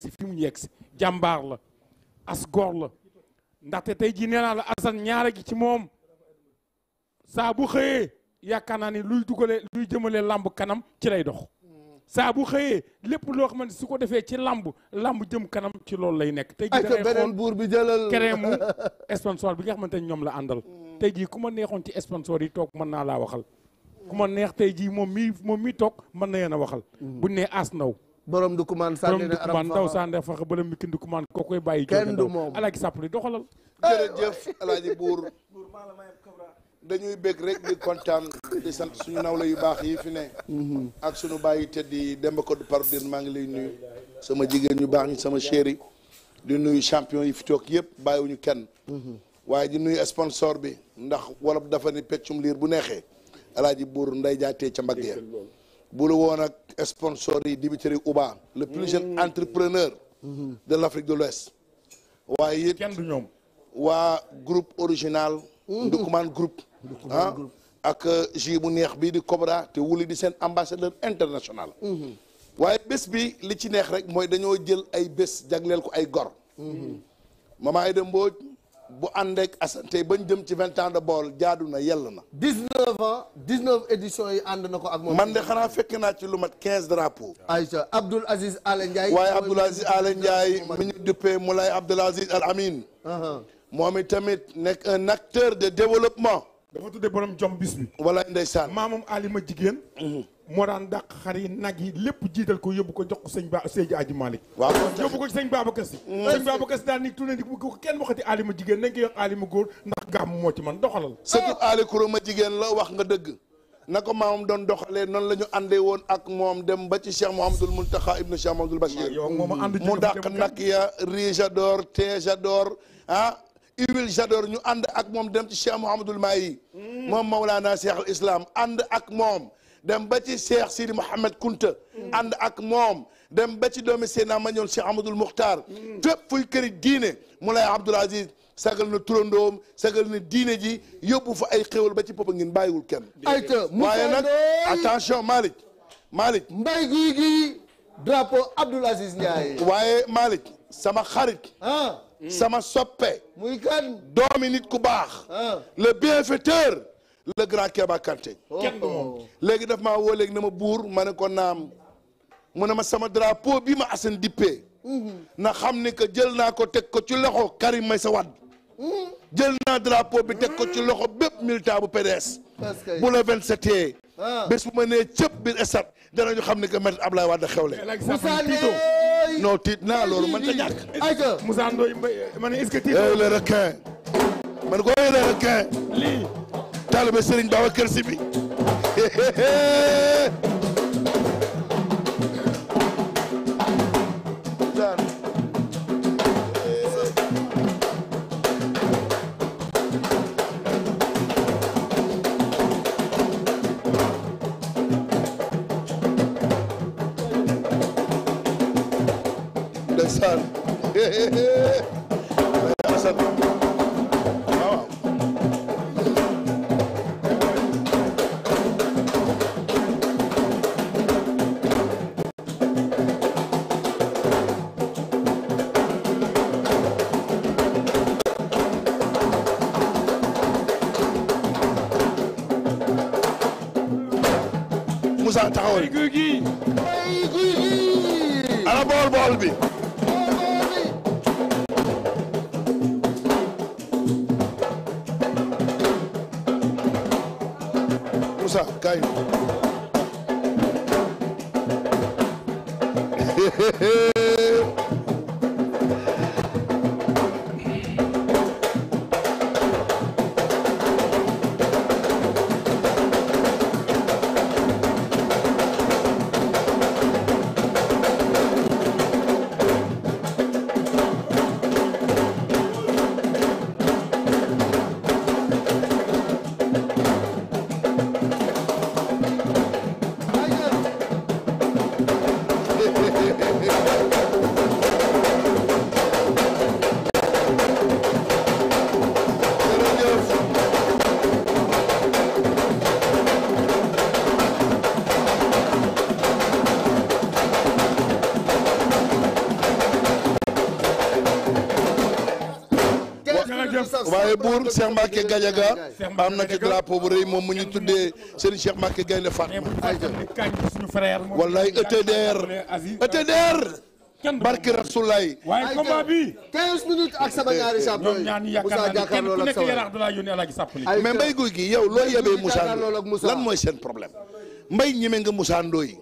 si fi mu yegg si jàmbaar la as góor la ndaxte tey jii nee naa la Assane ñaare gi ci moom saa bu xëyee yaakaar naa ni luy dugale luy jëmale làmb kanam ci lay dox saa bu xëyee lépp loo xamante su ko defee ci làmb làmb jëm kanam ci loolu lay nekk tey jii da ngay xool buur bi jëlal kereemu sponsor bi nga xamante ne ñoom la àndal mm. tey jii ku ma neexoon ci sponsor yi toog mën naa laa waxal ku ma neex tey jii moom mii moom mii toog mën na yéen a waxal mm. buñ ne as ndaw borom du kumaan sànni ne aram faawa ndaw sànni fa ba leen kenn du kumaan koo koy bàyyi. kenn du moom alaaji sàppali doxalal. jërëjëf alaaji buur dañuy bëgg rek di kontaan di sant suñu nawle yu baax yi fi ne. Mhm. ak suñu bàyyi tedd yi Demba Codé Pardine maa ngi lay nuyu. sama jigéen ñu baax ñi sama chéri di nuyu champion yi fi toog yëpp bàyyiwuñu kenn. Mhm. waaye di nuyu sponsor bi ndax wolof dafa ni peccum liir bu neexee alaaji buur nday jaatee ca mbagg ya bu la woon ak sponsor yi Dimitri Uba le plus jeune mm. entrepreneur de l'Afrique de l'Ouest waaye it kenn du ñoom waa groupe original mm-hmm. Ndukumaan groupe ah ak euh, ji bu neex bi di Cobra te wuli di seen ambassadeur international mm-hmm. waaye bés bi li ci neex rek mooy dañoo jël ay bés jagleel ko ay gor mm-hmm. Mama Aïda Mbodj bu ànd ak asante bañ jëm ci vingt ans de bool jaadu na yell na. dix neuf ans dix neuf éditions yi ànd na ko ak moom. man de xanaa fekk naa ci lu mat quinze drapeaux. ayca Abdoul Aziz Alé Ndiaye. waaye Abdoul Aziz Alé Ndiaye mi ñu duppee Moulay Abdoul Aziz Al Amin. Uh-huh. moom itamit nekk un acteur de développement. dafa tuddee borom jom bis bi. wala ndeysaan maamam Alima jigéen. Mm-hmm. moo daan dàq xar yi nag yi lépp jiital ko yóbbu ko jox ko sëñ ba Seydi Aji Malick waaw yóbbu ko sëñ Babacar Si mm. sëñ Babacar Si daan ni tourné di ko kenn waxati aalima jigéen nañ ko yox aalima góor ndax gàmm moo ci man doxalal surtout aali kurama jigéen la wax nga dëgg na ko maamam doon doxalee noonu la ñu àndee woon ak moom dem ba ci Cheikh Mouhamadoul Mountakha ibnu Cheikh Mouhamadoul Bachir ah, mu dàq nag ya riz j'adore thé j'adore ah huile j'adore ñu ànd ak moom dem ci Cheikh Mouhamadoul Mahi mm. moom Mawlana Cheikh al Islam ànd ak moom dem ba ci Cheikh Sidi Mouhamed Kunta ànd ak moom dem ba ci doomi seena ma ñoon Cheikh Amadou Mokhtar fépp fuy këri diine Moulay Abdoul Aziz sagal na turandoom sagal na diine ji yóbbu fa ay xéwal ba ci boppam ngeen bàyyiwul kenn. ayca waaye nag attention Malick Malick. mbay guy gi drapeau Abdoul Aziz Ndiaye. waaye Malick sama xarit. Ah. sama soppe. muy kan doomi nit ku baax. Ah. le grand Kéba Kanté. léegi daf maa woo léegi na ma buur ma ne ko naam mu ne ma sama drapeau bi ma Assane dippee. Mm-hmm. na xam ne que jël naa ko teg ko ci loxo Karim Meïssa Wade. Mm-hmm. jël naa drapeau bi teg ko ci loxo mm-hmm. bépp militant bu PDS. bu la 27 yee. Ah. bés bu ma nee cëpp biir stade danañu xam ne que maître ab Wade xewle. Moussa Ndoye non tiit naa loolu man ta ñàkk. ayca Moussa Ndoye ma ne est tiit. Eh, le requin man ko le requin. taalibe Serigne Babacar Sy bi taxawal waaye buur Cheikh Mbacke Gadiaga am na ci drapeau bu rëy moom mu ñu tuddee Serigne Cheikh Mbacke Gaynde Fatma wallaay ETDR ETDR barki rasulaay waaye combat bi 15 minutes ak sama ñaari champion Moussa jàkkaarloo ak sa mais mbay guy gi yow loo yebee Moussa lan mooy seen problème mbay ñeme nga Moussa Ndoye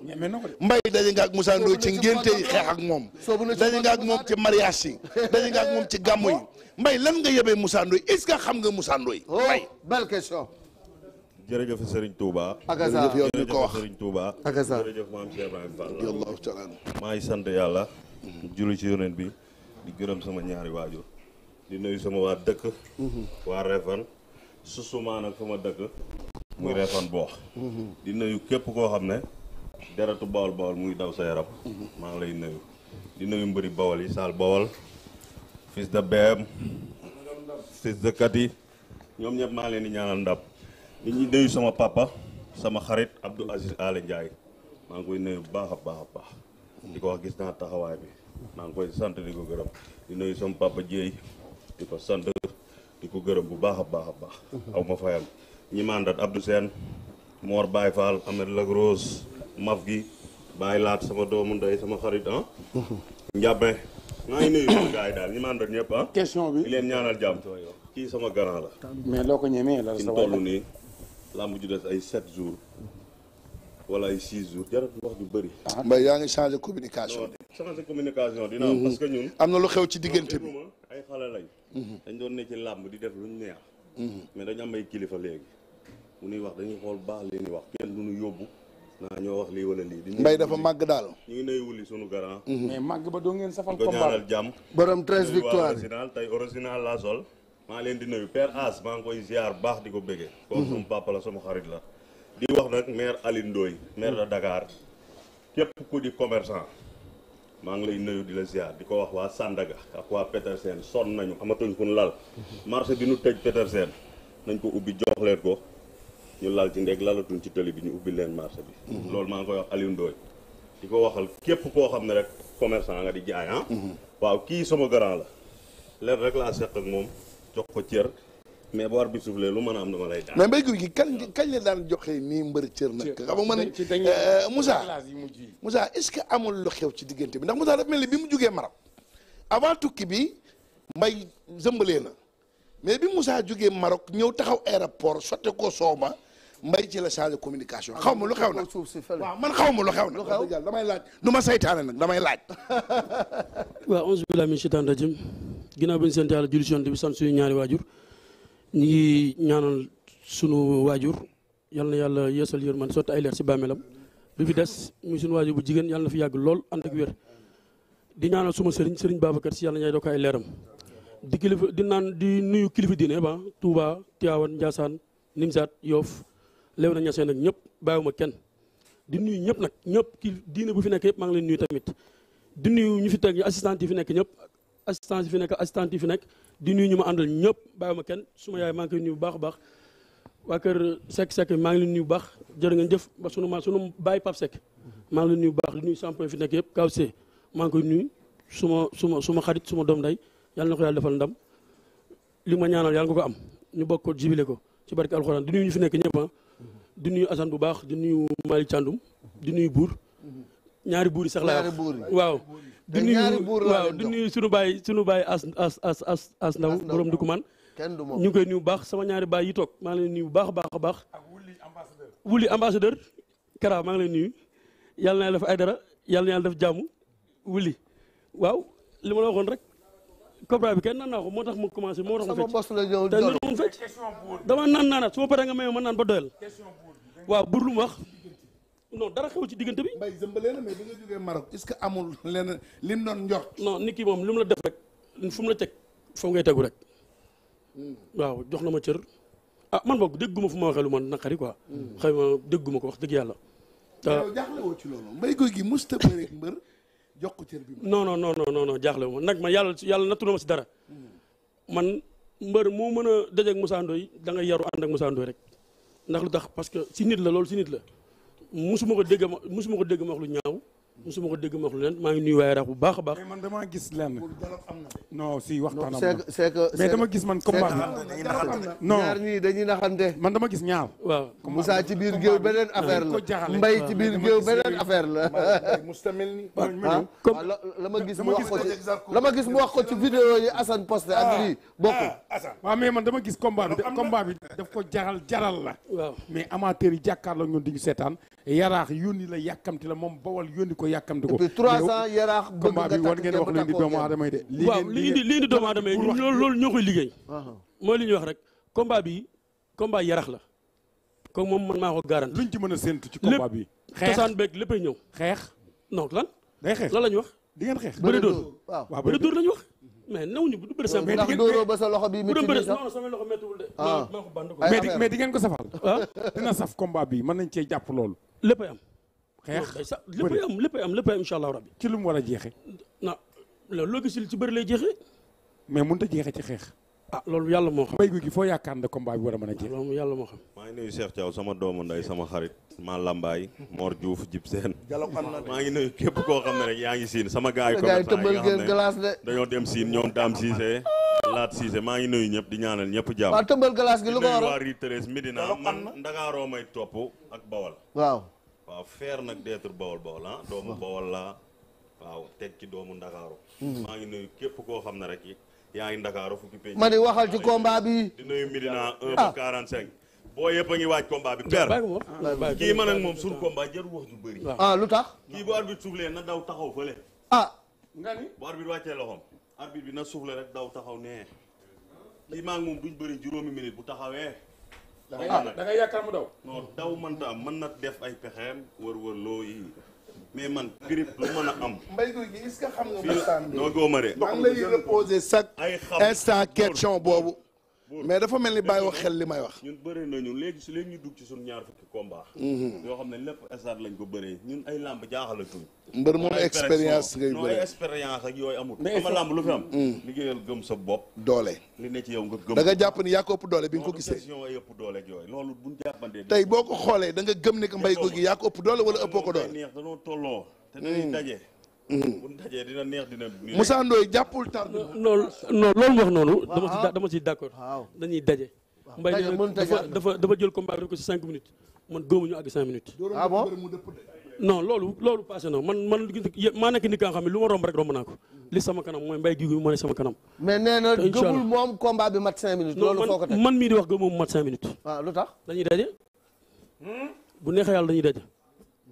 mbay daje nga ak Moussa Ndoye ci ngénte yi xeex ak moom daje nga ak moom ci mariage yi daje nga ak moom ci gàmmu yi mbay lan nga yebee Moussa Ndoye est-ce que xam nga Moussa Ndoye oh, mbay belle question jërëjëf Serigne Touba jërëjëf yow ñu ko wax Serigne Touba sant yàlla julli ci yonent bi di gërëm sama ñaari waajur di nuyu sama waa dëkk mhm. waa Réfane susuma nag sama dëkk muy reetoon boox di nayu képp koo xam ne deretu bawol bawol muy daw sa yaram maa ngi lay nuyu di nuyu mbëri bawol yi saal bawol fils de BM fils de Kati ñoom ñëpp maa leen di ñaanal ndab di ñu nuyu sama papa sama xarit Abdou Aziz Ale Ndiaye maa ngi koy nuyu bu baax a baax a baax di ko wax gis naa taxawaay bi maa ngi koy sant di ko gërëm di nuyu sama papa Dieye di ko sant di ko gërëm bu baax a baax a baax aw fayam ñi mandat Abdou Sène Mor Baye Fall Ahmed Lagrose maf gi Baye Laat sama doomu ndey sama xarit ah. Ndiabé maa ngi nuyu sama gars daal ñi mandat ñëpp ah. question bi di leen ñaanal jàmm kii sama grand la. mais loo ko ñemee la sa toll nii làmb ju des ay 7 jours. wala ay six jours jarul wax ju bëri. Ah. mbay yaa ngi changé communication. changé communication dina am mhm. parce que ñun. am na lu xew ci diggante bi ay xale lañ. Mhm. dañ doon ne ci làmb di def luñ neex. Mhm. mais dañ am ay kilifa léegi. mu nuy wax dañuy xool baax li wax kenn du ñu yóbbu naa ñoo wax lii wala lii. mbay dafa màgg daal. ñu ngi nuyu wuli sunu garant. Mhm. mais màgg ba doo ngeen safal combat ko jàmm. borom treize victoire original tey original laa sol. maa leen di nuyu père As maa ngi koy ziar baax di ko bëggee. kooku sama papa la sama xarit la. di wax nag maire Alioune Ndoye maire de mhm. Dakar. képp ku di commerçant. maa ngi lay nuyu di la ziar di ko wax waa Sandaga ak waa Petersen sonn nañu amatuñ fu ñu lal. Mhm. marché bi nu tëj Petersen nañ ko ubbi jox ko. ñu laal ci ndeg lalatuñ ci tëli bi ñu ubbi leen marché bi lool maa ngi koy wax Aliou Ndoye di ko waxal képp koo xam ne rek commerçant nga di jaay ah waaw kii sama grand la leen rek laa seq ak moom jox ko cër mais bu war bi suuflee lu mën a am dama lay daan mais mbéy gi kañ kañ la daan joxe nii mbër cër nag xam nga man euh, Moussa Moussa est-ce que amul lu xew ci diggante bi ndax Moussa dafa mel ni bi mu jugee Maroc avant tukki bi mbay zëmbalee na mais bi Moussa jugee Maroc ñëw taxaw aéroport sotte ko sooba mbay ci la changé communication ah, xaw ma lu xew na waaw man xaw ma lu xew na damay laaj du ma saytaane nag damay laaj waaw onze billahi min shaytaan rajim ginnaaw bi ñu sant yàlla julli ci yonent bi sant suñu ñaari waajur ñu ngi ñaanal sunu waajur yal na yàlla yeesal yërmande sotti ay leer si bàmmeelam bi fi des muy sunu waajur bu jigéen yàlla na fi yàgg lool ànd ak wér di ñaanal suma sëriñ sëriñ Babacar si yàlla ñay doo ko ay leeram di kilifa di naan di nuyu kilifa diine ba Touba léew na ñaseen nag ñëpp bàyyiwuma kenn di nuyu ñëpp nag ñëpp ki diine bu fi nekk yëpp maa ngi leen nuyu tamit di nuyu ñu fi teg ñu fi nekk ñëpp assistant yi fi nekk assistant yi fi nekk di nuyu ñu ma àndal ñëpp bàyyiwuma kenn su ma yaay maa ngi koy nuyu bu baax a baax waa kër Seck Seck maa ngi leen nuyu baax jër ngeen jëf ba sunu ma sunu bàyyi Pape Seck maa ngi leen nuyu bu baax di nuyu champion fi nekk yëpp kaw see maa ngi koy nuyu suma suma suma xarit suma doom day yàlla na ko yàlla defal ndam li ma ñaanal yàlla nga ko am ñu bokk ko jibile ko ci barke alxuraan di nuyu ñu fi nekk ñëpp ah. di nuyu Assane bu baax di nuyu Malick Thiandoum di nuyu buur ñaari buur yi sax waaw di nuyu waaw di sunu baay sunu baay as as as as as ndaw borom du kumaan ñu koy nuyu bu baax sama ñaari baay yi toog maa ngi leen nuyu bu baax a baax a baax wuli ambassadeur Kara maa ngi leen nuyu yàlla na yàlla def ay dara yàlla na yàlla def jàmm wuli waaw li ma waxoon rek cobra bi kenn naan naa ko moo tax mu commencé moo tax mu fecc te ñu doon fecc dama naan naanaat su ma paree nga may ma naan ba doyal waaw bur mu wax non dara xew ci diggante bi mbay zëmbalee na mais bi nga jógee leen lim doon njort non nit moom li mu la def rek fu mu la teg foo ngay tegu rek hmm. waaw jox na ma cër ah man boog dégguma fu ma waxee lu man naqari quoi hmm. xëy ma dégguma ko wax dëgg yàlla jaaxle woo ci loolu mbay guy gi musta bëre mbër jox ko cër bi non non non non non jaaxle ma nag ma yàlla yàlla nattu na ma si dara man mbër moo mën a dajeeg Moussa Ndoye da nga yaru ànd ak Moussa rek ndax lu tax parce que si nit la loolu si nit la musuma ko dégg ma musuma ko dégg ma wax lu ñaaw musuma ko ma wax lu leen maa ngi nuyu waaye rax bu baax a baax. mais man damaa gis lenn. non si waxtaan am na. non c'est que mais dama gis man combat bi. non ñaar ñii dañuy naxante. man dama gis ñaar. waaw Moussa ci biir géew beneen affaire la. Mbaye ci biir géew beneen affaire la. ah la ma gis mu wax ko ci la gis mu ci vidéo yi Assane posté ak ah, lii bokkul. Ah, waaw mais man dama gis combat bi combat bi daf ko jaral jaral la. waaw mais amateurs yi jàkkaarloo ñun di ñu seetaan yaraax yónni la yàkkamti la moom bawal yónni ko yàkkamti ko. depuis trois ans yaraax bëgg nga takk war ngeen wax ne ni doomu aadama yi de. li ngeen li indi li indi doomu aadama yi loolu loolu ñoo koy liggéey. Uh-huh. mooy li ñuy wax rek combat bi combat yaraax la. comme moom man maa ko garant luñ ci mën a séntu ci combat bi. xeex cosaan beeg léppay ñëw. xeex la wax. di ngeen xeex bëri dóor waaw bëri dóor la ñu wax mais nawuñu bu bëri ba sa loxo bi métti nii sax non sama loxo méttiwul de ah. ko band ko mais di ngeen ko safal ah. dina saf combat bi mën nañ cee jàpp loolu léppay am xeex léppay am léppay am léppay am incha allahu rabbi ci lu mu war a jeexe na loo gisul ci bëri lay jeexe mais mënut a jeexe ci xeex ah loolu yàlla moo xam. mbay foo yaakaar ne combat bi war a mën a moo xam. maa ngi nuyu Cheikh Thiaw sama doomu nday sama xarit. maa Lambaay Mor Diouf Jib Seen. maa ngi nuyu képp koo xam ne rek yaa ngi siin sama gars yi. commerçant yi nga xam ne dañoo dem siin ñoom Dame Cissé. Laat maa ngi nuyu ñëpp di ñaanal ñëpp jàmm. waaw tëmbal glace gi lu ko waral di nuyu waa Ritres Medina man Ndakaaroo may topp ak Bawal. waaw feer nag d'être bawol bawol ah doomu bawol laa waaw teg ci doomu ndakaaru hmm. maa ngi nuyu képp koo xam ne rek yaa ngi ndakaaru fukki pénc ma ni waxal ci combat bi di nuyu Médina 1 ah. ba 45 boo yëpp a ngi waaj combat bi père ah, kii man ak moom suñu combat jarul wax ju bëri ah, lu tax kii bu arbitre soufflé na daw taxaw fële ah bu arbitre wàccee loxoom arbitre bi na soufflé rek daw taxaw nee kii maa ngi moom duñ bëri juróomi minute bu taxawee da ngay ah, da ngay yaakaar mu daw. non daw mënta am mën na def ay pexeem wër-wër loo yi mais man grippe lu mën a am. mbay guy gi est-ce que xam nga. waxtaan bi noo góoma de. maa ngi lay reposer instant question boobu. mais dafa mel ni bàyyi wax xel li may wax. ñun bëree nañu léegi su léegi ñu dugg ci suñu ñaar fukki combat. Mhm. xam ne lépp stade lañ ko bëree ñun ay làmb jaaxalatuñ. mbër moom expérience ngay bëree expérience ak yooyu amul. mais xam lu fi am. Mm. liggéeyal gëm sa bopp. doole li ne ci yow nga gëm. da nga jàpp doole bi nga ko gisee. loolu ëpp doole ak yooyu loolu bu ñu jàppandee. xoolee da nga gëm ni mbay ko gi yaa ko ëpp doole wala ëppoo ko doole. te dañuy mm. daje Hmm. bu ñu dajee dina neex dina. Moussa Ndoye jàppul tar. non non loolu nga wax noonu. dama ci dama ci dañuy daje. mbay dafa dafa dafa jël combat bi ko ci cinq minutes man góobu ñu àgg cinq minutes. ah loolu loolu passé na man man maa nekk nit ka nga xam ne lu ma romb rek romb naa ko li sama kanam mooy mbay gi moo ne sama kanam. mais nee na gëmul moom combat bi mat cinq minutes. man mii di wax gëmul mat cinq minutes. waaw lu tax dañuy daje. Hmm? bu neexee yàlla dañuy daje.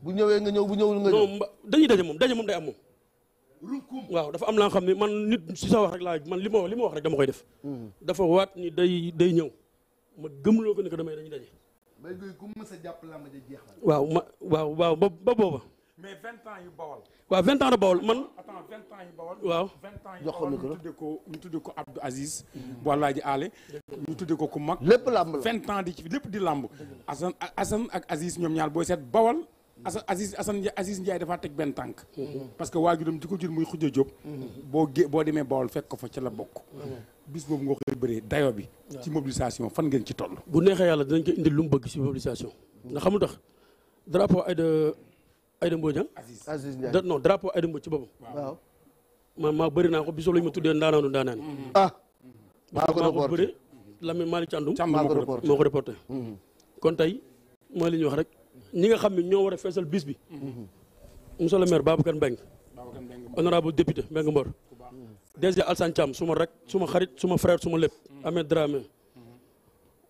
bu ñëwee nga ñëw bu ñëwul nga ñëw. non dañuy daje moom daje moom am waaw dafa am nga xam ne man nit si sa wax rek laa man li ma wax li ma wax rek dama koy def. Hmm. dafa waat ni day day ñëw ma gëmloo ko ko damay dañuy daje. Mbaye Gueye ku mës a jàpp jeex waaw ma waaw waaw ba ba booba. mais vingt ans yu bawal. waaw vingt ans de bawal man. attends vingt ans yu bawal. waaw jox ko micro vingt ans yu bawal ñu tuddee ko ñu tuddee ko Abdou Aziz. bu Alaaji Aale. ñu tuddee ko ku mag. lépp làmb la vingt ans di ci lépp di làmb. Assane Assane ak Aziz ñoom ñaar booy seet bawal. Assa Aziz Assane Aziz Ndiaye dafaa teg benn tànk. Mhm. parce que waajuram di ko jur muy Khoudia Diop. Mhm. boo boo demee Bawol fekk ko fa ca la bokk. Mhm. bis boobu nga koy bëree dayo bi. ci mobilisation fan ngeen ci toll. bu neexee yàlla dinañ ko indil lu mu bëgg ci mobilisation. ndax xamul tax drapeau Aïda Aïda Mbodj ah. Aziz Ndiaye non drapeau Aïda Mbodj ci boppam. maa bëri naa ko bisoo la ma tuddee ndaanaanu ndaanaan. ah. maa ko reporté Lamine Malick Thiandoum maa ko moo ko reporté kon tey mooy li ñu wax rek. ñi nga xam ne ñoo war a feesal bis bi. monsieur le maire Babacar Mbengue. honorable député Mbengue Mbor. DG Alsane suma rek suma xarit suma frère suma lépp. Mm-hmm. Ahmed Dramé. moom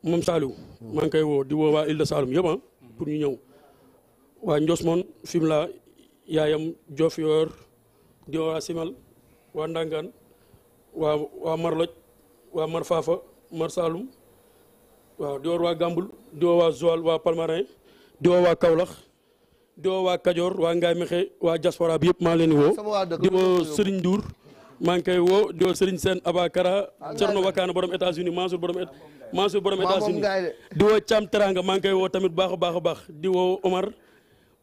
mm-hmm. Saliou. Mm-hmm. maa ngi koy woo di waa Île de Saloum yëpp ah, pour ñu ñëw. waa Ndiosmone Fimela yaayam Diofior di waa Simal waa Ndangaan waa waa Marloj waa Mar Fafa Mar Saloum waaw di waa Gambul di waa Joal waa Palmarin. di woo waa Kaolack di waa Kajoor waa Ngaye Mexe waa diaspora bi yëpp maa leen di woo di woo Serigne maa ngi koy woo di woo seen Sène Abakara Cerno Wakaana borom États-Unis Mansour borom Mansour borom États-Unis maa ngi koy woo tamit baax a baax baax di woo Omar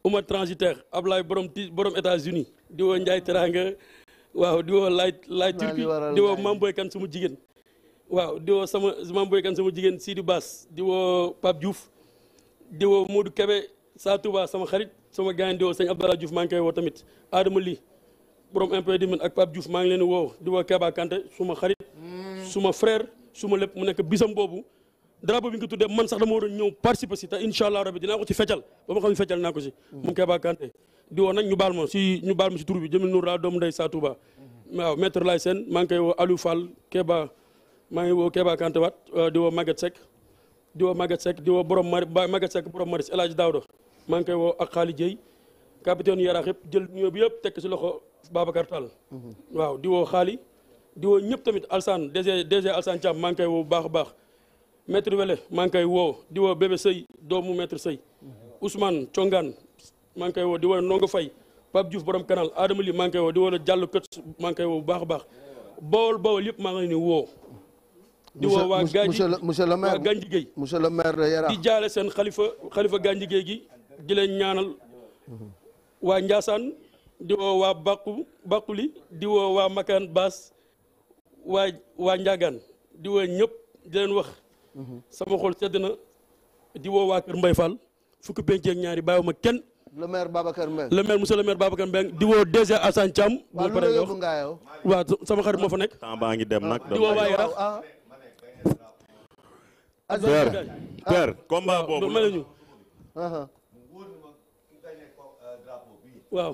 Omar transitaire Ablaye borom ti borom États-Unis di woo Teranga waaw di woo Laay Laay Turki di woo Mamboy sama jigéen waaw di woo sama Mamboy Kan sama jigéen di woo Pape di moo Modou Kébé saa Touba sama xarit sama gaañ di woo sëñ Abdallah Diouf maa ngi koy woo tamit Adama Ly borom impédiment ak Pape Diouf maa ngi leen woo di woo Keba Kanté suma xarit suma frère suma lépp mu nekk bisam boobu drapeau bi nga tuddee man sax dama waroon ñëw participer si incha allah rabi dinaa ko ci feccal ba ma xam ne naa ko si moom Keba Kanté di woo nag ñu baal ma si ñu baal ma si tur bi jëmil nuur laa doom ndey saa Touba waaw maître lay seen maa ngi koy woo Aliou Fall Keba maa ngi woo Keba Kanté waat di woo Maguette Seck di woo Maguette diwoo di woo borom mari Maguette Seck borom maris El Hadj Daouda maa ngi koy woo ak Xaali Dieye capitaine Yaraax yëpp jël nuyoo bi yëpp tekk ci loxo Babacar Tall mhm. waaw di woo Xaali diwoo ñëpp tamit alsaan DG DG Alsane Thiam maa koy woo bu baax a baax maître Wele maa ngi koy woo diwoo woo bébé Sëy doomu maître Sëy mhm. Ousmane Congaan maa koy woo di woo Ndongo Fay Pape Diouf borom canal Adama Li maa woo di woo la jàll Kët maa woo bu baax a baax Bawol Bawol yëpp maa ngi leen woo di woo waa Gagny monsieur le maire waa Gagny Gueye monsieur le maire di jaale seen xalifa xalifa Gagny Gueye gi di leen ñaanal waa Ndiassane di waa Bakku Bakkuli di woo waa Makan Baas waa waa Ndiagane di woo ñëpp di leen wax sama xol sedd na di waa Kër Mbaye Fall fukki penc ak ñaari bàyyiwuma kenn le maire Babacar Mbengue le maire monsieur le maire Babacar Mbengue di woo DG sama xarit moo fa nekk. temps ngi dem nag. di waa Yarax ah, ah. per ah, per ah, combat boobu uh-huh. waaw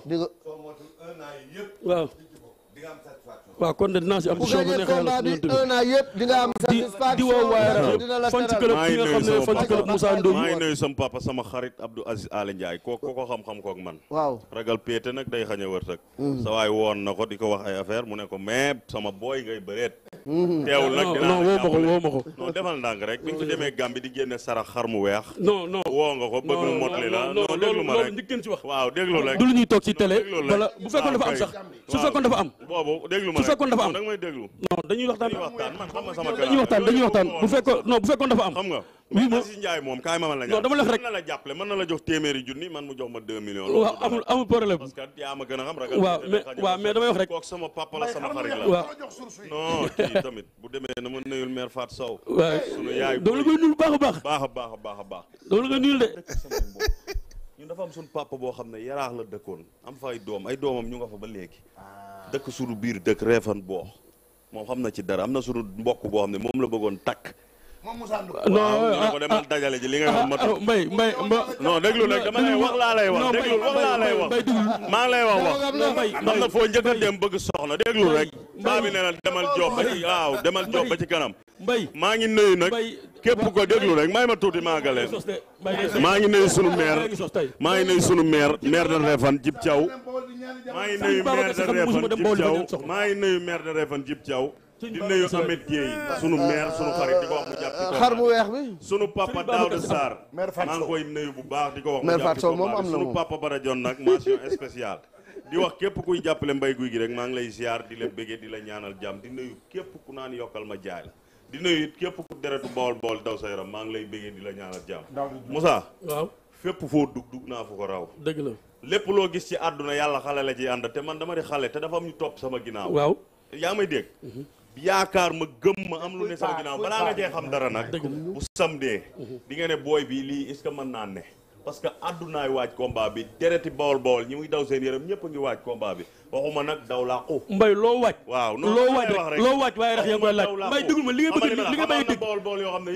waaw kon de dinaa si am. émission bu neexee yàlla bu di woo waaye rajo fan ci club bi nga xam ne fan ci club Moussa Ndoye. maa ngi nuyu sama papa sama xarit Abdou Aziz Aly Ndiaye koo ko xam-xam kook man. waaw ragal péete nag day xañ a wërsëg. Mm. sa waay woon na ko di ko wax ay affaire mu ne ko mais sama booy ngay bëreet. Mm-hmm. teewul nag dinaa non woo ma ko woo ma ko. non defal ndànk rek bi nga ko mm. demee Gambie di génne sarax xar mu weex. non non woo nga ko bëgg mu motali la. non déglu ma rek waaw déglu rek. du lu ñuy toog ci télé. wala bu fekkoon dafa am ah, sax su fekkoon dafa am. boobu déglu ma rek fekkoon dafa am non dañuy waxtaan dañuy waxtaan dañuy waxtaan bu fekkoon non bu fekkoon dafa am. xam nga mais Aziz Ndiaye moom kaay ma man la non dama la wax rek mën na la la jox téeméeri junni man mu jox ma 2 millions. waaw amul amul problème parce que yaa a xam ragal waaw rek dama la koy nuyul baax a baax a baax a baax a dama la koy nuyul de ñun dafa am suñu papa boo xam ne yaraax la dëkkoon am fa ay doom ay doomam ñu nga fa ba léegi dëkk suñu biir dëkk reefan boo moom xam na ci dara am na suñu mbokk boo xam ne moom la bëggoon takk. moom Moussa Ndour. non non ah, ko demal ah, dajale ji li nga xam ma. mbay mbay mba. non déglu nag dama lay wax laa lay wax. non déglu wax laa lay wax. maa ngi lay wax wax. am na foo njëkk a dem bëgg soxna déglu rek. mbay saa bi nee na demal jox ci waaw demal jox ci kanam. mbay maa ngi nuyu nag. képp ko déglu rek may ma tuuti maagaleen maa ngi nuyu sunu maire maa ngi nuyu sunu maire maire de Réfane Djib Thiaw maa ngi nuyu maire de Réfane Djib Thiaw maa ngi nuyu maire de Réfane Djib Thiaw di nuyu Amet Gueye sunu maire sunu xarit di ko wax mu jàpp ci weex bi sunu papa Daouda Sarr maa ngi koy nuyu bu baax di ko wax mu jàpp ci moom am na sunu papa Barajon nag mention spéciale di wax képp kuy jàppale mbay guy gi rek maa ngi lay ziar di la bëggee di la ñaanal jàmm di nuyu képp ku naan yokkal ma jaay di nuyu it képp ku deretu bawol bawol daw sa yaram maa ngi lay bëggee di la ñaanal jàmm. Moussa. waaw fépp foo dug dug naa fu ko raw. dëgg la lépp loo gis ci àdduna yàlla xale la ciy ànd te man dama di xale te dafa am ñu topp sama ginnaaw. waaw yaa may dégg. Mhm. yaakaar ma gëm ma am lu ne sama ginnaaw balaa nga cee xam dara nag. bu samdee. di nga ne booy bi lii est-ce que mën naa ne. parce que àddunaay waaj combat bi dereti bawol bawol ñu muy daw seen yaram ñëpp a ngi waaj kombaa bi waxuma nag daw laa ko mbay loo waaj waaw loo waaj rek loo waaj waaye rax yaa ngi laaj mbay déglu ma li nga bëgg a dégg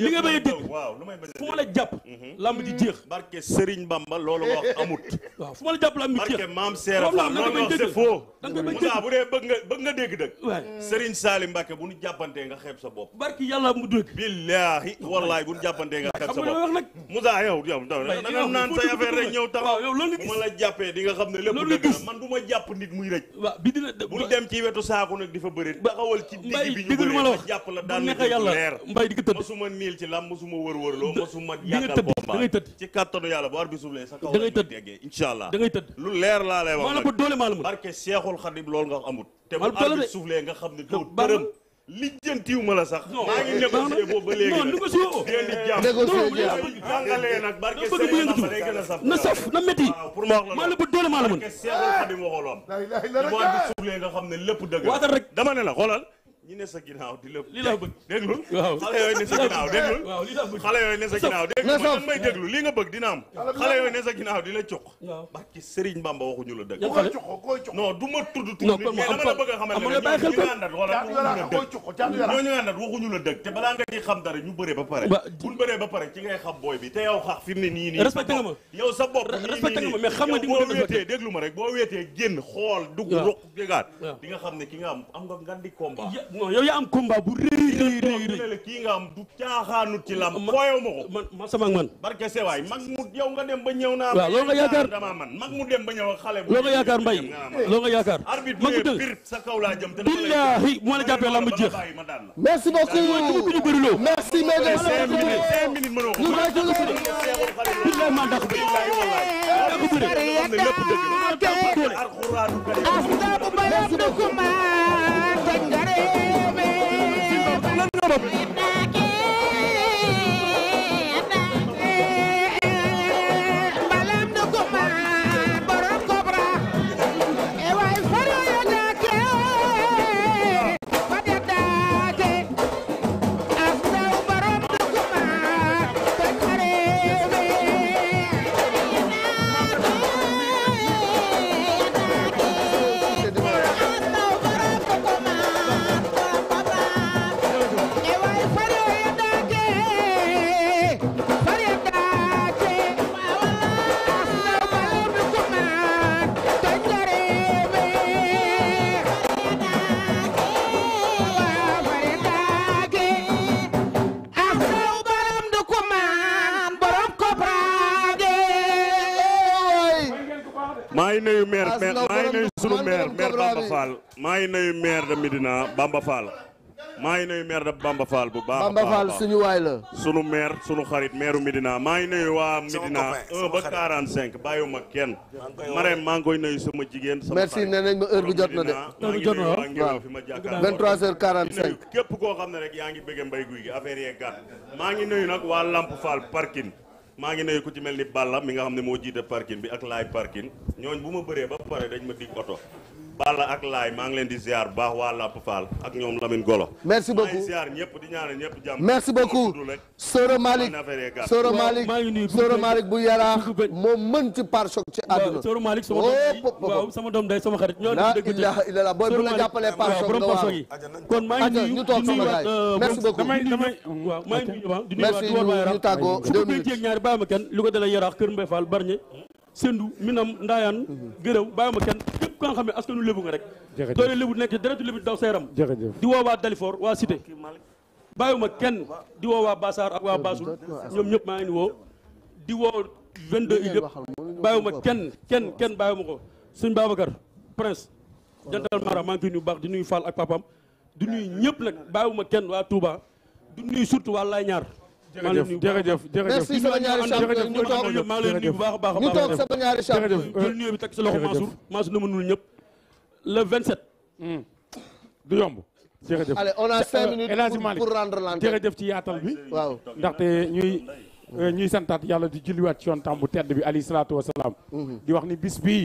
li nga bëgg a dégg mhm. fu ma la jàpp lamb ji la jàpp lamb ji jeex barke Maam Seera loolu wax c'est faux Moussa bu dee bëgg nga bëgg nga dégg dëgg Serigne Salim Mbacke bu ñu jàppantee nga xeeb sa bopp barke yàlla mu dëgg billaahi wallaahi bu ñu jàppantee nga xeeb sa bopp Moussa yow yow da nga naan say affaire rek ñëw taw bu ma la jàppee di man du ma jàpp nit muy rëj tëj. waaw bi dina bul dem ci wetu saako nag di fa bëri. ba xawal ci digg bi ñu bëree ma jàpp la daan na leer mbay di ko tëdd mosuma niil ci lam mosuma wër-wër loo mosuma yàggal combat da ngay tëdd ci kattanu yàlla bu arbi suuf lee sa kaw da ngay tëdd da ngay tëdd lu leer laa lay wax maa la bu doole maa Seexul Xadim loolu nga amut te bu arbi suuf lee nga xam ne doo dërëm lijjantiw ma la sax. non maa ngi négocier boobu ba léegi. non négocier woo. négocier nag barke gën a saf. na saf na métti. waaw la maa la ba maa la mën. xam ne lépp dëgg. waatal rek dama ne la xoolal. ñu ne sa ginnaaw di la. li la bëgg déglu. waaw xale yooyu ne sa ginnaaw déglu. waaw sa ginnaaw déglu man may déglu nga bëgg dina am. xale yooyu ne sa ginnaaw di la cuq. waaw barki Serigne Bamba waxuñu la dëgg. koy cuq koy cuq non ma tudd tur bi mais dama la bëgg a xamal ne ñooñu ñu àndat wala ñooñu xam dara ñu bëree ba pare. buñ bëree ba pare ci ngay xam booy bi te yow xax fi mu ne nii nii. respecté nga ma yow sa bopp respecté nga ma xam nga di boo wéetee déglu ma rek boo wéetee génn xool dugg roq jégaat nga xam ne ki nga am am nga ngan di combat non yow yaa am combat bu rëy rëy rëy rëy kii nga am du caaxaanu ci lam fooyew ma ko man man sama man barke sewaay mag mu yow nga dem ba ñëw naa waaw loo nga yaakaar dama man mag mu dem ba ñëw xale bu loo nga yaakaar mbay loo nga yaakaar arbitre bu dee bir sa kaw laa jëm te billahi moo la jàppee lamb jeex merci beaucoup ñu bëri loo merci mais cinq minutes cinq minutes mënoo ko billahi maa dàq bëri maa ko bëri lépp dëgg la alxuraanu kariim Europe Bamba Fall maa ngi nuyu maire de Médina Bamba Fall maa ngi nuyu maire de Bamba Fall bu baax Bamba Fall suñu waay la suñu maire suñu xarit maire Médina maa ngi nuyu waa Médina 1 ba 45 bàyyiwuma kenn Marème maa ngi koy nuyu sama jigéen sama merci nee nañ ma heure bi jot na de heure bi jot na waaw 23h45 képp koo xam ne rek yaa ngi bëgg mbay guy gi affaire yee gàtt maa ngi nuyu nag waa Lamp Fall parking maa ngi nuyu ku ci mel ni Balla mi nga xam ne moo jiite parking bi ak laay parking ñooñ bu ma bëree ba pare dañ ma dig oto Balla ak Laay maa ngi leen di ziar bu baax waa Lamp Fall ak ñoom Lamine Golo. merci beaucoup maa ngi ziar ñëpp di ñaanal ñëpp jàmm. merci beaucoup Soro Malick Soro Malick Soro bu yaraax moo mën ci par choc ci àdduna. Soro Malick sama booy bu la jàppalee par choc nga waaw. kon maa ñu toog sama euh, merci beaucoup ñu tàggoo. su ñaari bàyyi ma kenn lu ko dalee yaraax Kër Mbaye Fall Barñe sendu minam ndaayaan gërëw bàyyi ma kenn képp ka nga xam ne askanu lébu nga rek doole lébu nekk deretu lébu daw seeram di woo waa Dalifort waa Cité bàyyi ma kenn di woo waa Bassar ak waa Bassoul ñoom ñëpp maa ngi woo di woo 22 yi yëpp bàyyi ma kenn kenn kenn bàyyi ko suñ Babacar Prince jantal Mara maa ngi nuyu baax di nuyu Fall ak papam di nuyu ñëpp nag bàyyi ma kenn waa Touba di nuyu surtout waa Lay Ñaar jërëjëf jërëjëf jërëjëf merci sama ñaari champion a baax ñu toog sama ñaari champion loxo Mansour Mansour na mënul ñëpp le 27 hmm. du yomb jërëjëf allez on a 5 euh, minutes pour rendre l'antenne ci yaatal bi waaw ndaxte ñuy euh, ñuy santaat yàlla di julliwaat ci yoon tam bu tedd bi alayhi salaatu wasalaam hmm. di wax ni bis